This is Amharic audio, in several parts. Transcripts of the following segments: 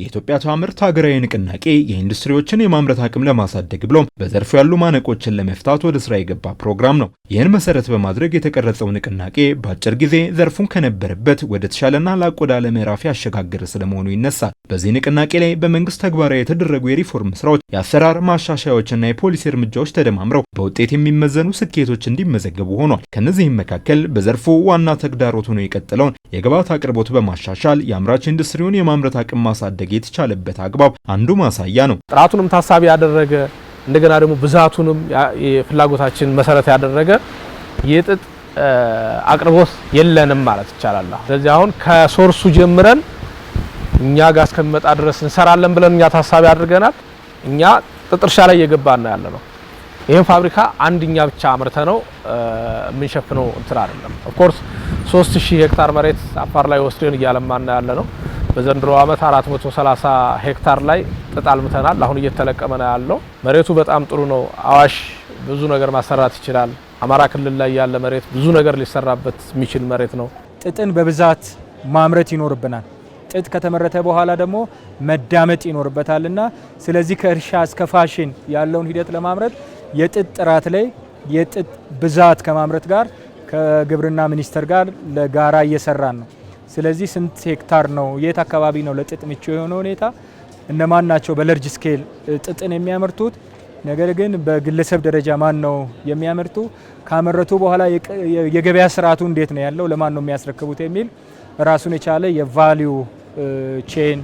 የኢትዮጵያ ታምርት ሀገራዊ ንቅናቄ የኢንዱስትሪዎችን የማምረት አቅም ለማሳደግ ብሎም በዘርፉ ያሉ ማነቆችን ለመፍታት ወደ ስራ የገባ ፕሮግራም ነው። ይህን መሰረት በማድረግ የተቀረጸው ንቅናቄ በአጭር ጊዜ ዘርፉን ከነበረበት ወደ ተሻለና ላቅ ወዳለ ምዕራፍ ያሸጋገረ ስለመሆኑ ይነሳል። በዚህ ንቅናቄ ላይ በመንግስት ተግባራዊ የተደረጉ የሪፎርም ስራዎች፣ የአሰራር ማሻሻያዎችና የፖሊሲ እርምጃዎች ተደማምረው በውጤት የሚመዘኑ ስኬቶች እንዲመዘገቡ ሆኗል። ከእነዚህም መካከል በዘርፉ ዋና ተግዳሮት ሆኖ የቀጠለውን የግብዓት አቅርቦት በማሻሻል የአምራች ኢንዱስትሪውን የማምረት አቅም ማሳደግ የተቻለበት አግባብ አንዱ ማሳያ ነው። ጥራቱንም ታሳቢ ያደረገ እንደገና ደግሞ ብዛቱንም የፍላጎታችን መሰረት ያደረገ የጥጥ አቅርቦት የለንም ማለት ይቻላል። ስለዚህ አሁን ከሶርሱ ጀምረን እኛ ጋር እስከሚመጣ ድረስ እንሰራለን ብለን እኛ ታሳቢ አድርገናል። እኛ ጥጥ እርሻ ላይ እየገባን ነው ያለ ነው። ይህም ፋብሪካ አንድኛ ብቻ አምርተ ነው የምንሸፍነው እንትን አይደለም። ኦፍኮርስ 3000 ሄክታር መሬት አፋር ላይ ወስደን እያለማን ያለ ነው። በዘንድሮ ዓመት 430 ሄክታር ላይ ጥጥ አልምተናል። አሁን እየተለቀመ ነው ያለው። መሬቱ በጣም ጥሩ ነው። አዋሽ ብዙ ነገር ማሰራት ይችላል። አማራ ክልል ላይ ያለ መሬት ብዙ ነገር ሊሰራበት የሚችል መሬት ነው። ጥጥን በብዛት ማምረት ይኖርብናል። ጥጥ ከተመረተ በኋላ ደግሞ መዳመጥ ይኖርበታልና ስለዚህ ከእርሻ እስከ ፋሽን ያለውን ሂደት ለማምረት የጥጥ ጥራት ላይ የጥጥ ብዛት ከማምረት ጋር ከግብርና ሚኒስቴር ጋር ለጋራ እየሰራን ነው። ስለዚህ ስንት ሄክታር ነው፣ የት አካባቢ ነው ለጥጥ ምቹ የሆነ ሁኔታ፣ እነማን ናቸው በለርጅ ስኬል ጥጥን የሚያመርቱት፣ ነገር ግን በግለሰብ ደረጃ ማን ነው የሚያመርቱ፣ ካመረቱ በኋላ የገበያ ስርዓቱ እንዴት ነው ያለው፣ ለማን ነው የሚያስረክቡት የሚል ራሱን የቻለ የቫሊዩ ቼን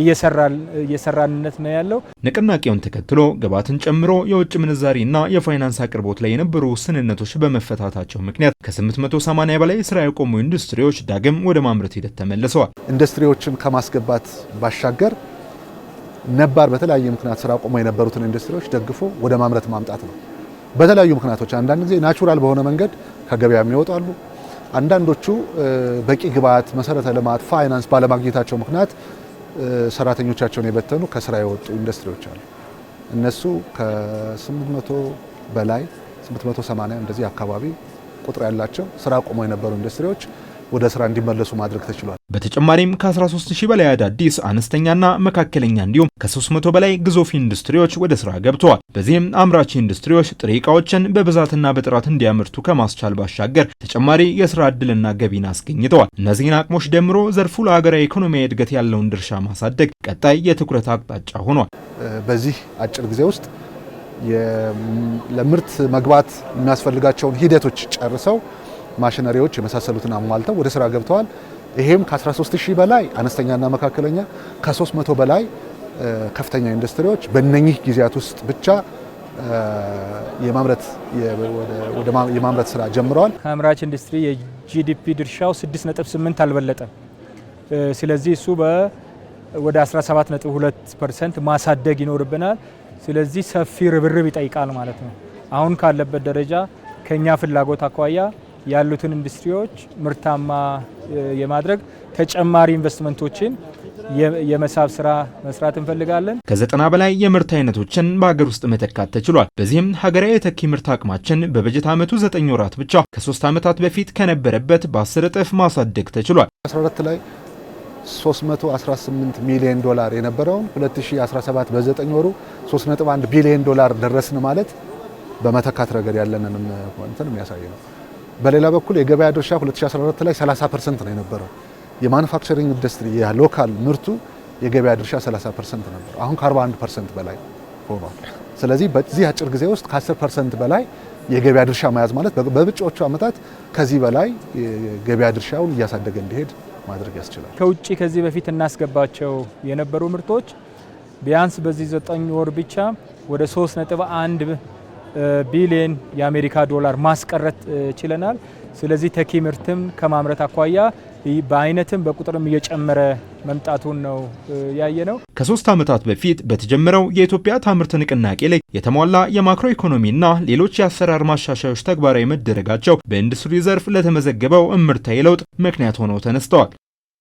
እየሰራንነት ነው ያለው። ንቅናቄውን ተከትሎ ግብዓትን ጨምሮ የውጭ ምንዛሪና የፋይናንስ አቅርቦት ላይ የነበሩ ውስንነቶች በመፈታታቸው ምክንያት ከ880 በላይ ስራ የቆሙ ኢንዱስትሪዎች ዳግም ወደ ማምረት ሂደት ተመልሰዋል። ኢንዱስትሪዎችን ከማስገባት ባሻገር ነባር በተለያየ ምክንያት ስራ ቆሞ የነበሩትን ኢንዱስትሪዎች ደግፎ ወደ ማምረት ማምጣት ነው። በተለያዩ ምክንያቶች አንዳንድ ጊዜ ናቹራል በሆነ መንገድ ከገበያ የሚወጣሉ አንዳንዶቹ በቂ ግብዓት፣ መሰረተ ልማት፣ ፋይናንስ ባለማግኘታቸው ምክንያት ሰራተኞቻቸውን የበተኑ ከስራ የወጡ ኢንዱስትሪዎች አሉ። እነሱ ከ800 በላይ 880 እንደዚህ አካባቢ ቁጥር ያላቸው ስራ ቆመው የነበሩ ኢንዱስትሪዎች ወደ ስራ እንዲመለሱ ማድረግ ተችሏል። በተጨማሪም ከ13 ሺህ በላይ አዳዲስ አነስተኛና መካከለኛ እንዲሁም ከ300 በላይ ግዙፍ ኢንዱስትሪዎች ወደ ስራ ገብተዋል። በዚህም አምራች ኢንዱስትሪዎች ጥሬ እቃዎችን በብዛትና በጥራት እንዲያመርቱ ከማስቻል ባሻገር ተጨማሪ የስራ ዕድልና ገቢን አስገኝተዋል። እነዚህን አቅሞች ደምሮ ዘርፉ ለሀገራዊ ኢኮኖሚያዊ እድገት ያለውን ድርሻ ማሳደግ ቀጣይ የትኩረት አቅጣጫ ሆኗል። በዚህ አጭር ጊዜ ውስጥ ለምርት መግባት የሚያስፈልጋቸውን ሂደቶች ጨርሰው ማሽነሪዎች የመሳሰሉትን አሟልተው ወደ ስራ ገብተዋል። ይሄም ከ13 ሺህ በላይ አነስተኛና መካከለኛ ከ300 በላይ ከፍተኛ ኢንዱስትሪዎች በእነኚህ ጊዜያት ውስጥ ብቻ የማምረት ስራ ጀምረዋል። ከአምራች ኢንዱስትሪ የጂዲፒ ድርሻው 6.8 አልበለጠም። ስለዚህ እሱ ወደ 17.2 ማሳደግ ይኖርብናል። ስለዚህ ሰፊ ርብርብ ይጠይቃል ማለት ነው። አሁን ካለበት ደረጃ ከእኛ ፍላጎት አኳያ ያሉትን ኢንዱስትሪዎች ምርታማ የማድረግ ተጨማሪ ኢንቨስትመንቶችን የመሳብ ስራ መስራት እንፈልጋለን። ከዘጠና በላይ የምርት አይነቶችን በሀገር ውስጥ መተካት ተችሏል። በዚህም ሀገራዊ የተኪ ምርት አቅማችን በበጀት ዓመቱ ዘጠኝ ወራት ብቻ ከሶስት ዓመታት በፊት ከነበረበት በአስር እጥፍ ማሳደግ ተችሏል። 14 ላይ 318 ሚሊዮን ዶላር የነበረውን 2017 በዘጠኝ ወሩ 3.1 ቢሊዮን ዶላር ደረስን ማለት በመተካት ረገድ ያለንን እንትን የሚያሳይ ነው። በሌላ በኩል የገበያ ድርሻ 2014 ላይ 30 ፐርሰንት ነው የነበረው። የማኑፋክቸሪንግ ኢንዱስትሪ የሎካል ምርቱ የገበያ ድርሻ 30 ፐርሰንት ነበር። አሁን ከ41 ፐርሰንት በላይ ሆኗል። ስለዚህ በዚህ አጭር ጊዜ ውስጥ ከ10 ፐርሰንት በላይ የገበያ ድርሻ መያዝ ማለት በብጮቹ ዓመታት ከዚህ በላይ የገበያ ድርሻውን እያሳደገ እንዲሄድ ማድረግ ያስችላል። ከውጭ ከዚህ በፊት እናስገባቸው የነበሩ ምርቶች ቢያንስ በዚህ ዘጠኝ ወር ብቻ ወደ 3 ነጥብ 1 ቢሊየን የአሜሪካ ዶላር ማስቀረት ችለናል። ስለዚህ ተኪ ምርትም ከማምረት አኳያ በአይነትም በቁጥርም እየጨመረ መምጣቱን ነው ያየ ነው። ከሶስት ዓመታት በፊት በተጀመረው የኢትዮጵያ ታምርት ንቅናቄ ላይ የተሟላ የማክሮ ኢኮኖሚና ሌሎች የአሰራር ማሻሻዮች ተግባራዊ መደረጋቸው በኢንዱስትሪ ዘርፍ ለተመዘገበው እምርታዊ ለውጥ ምክንያት ሆነው ተነስተዋል።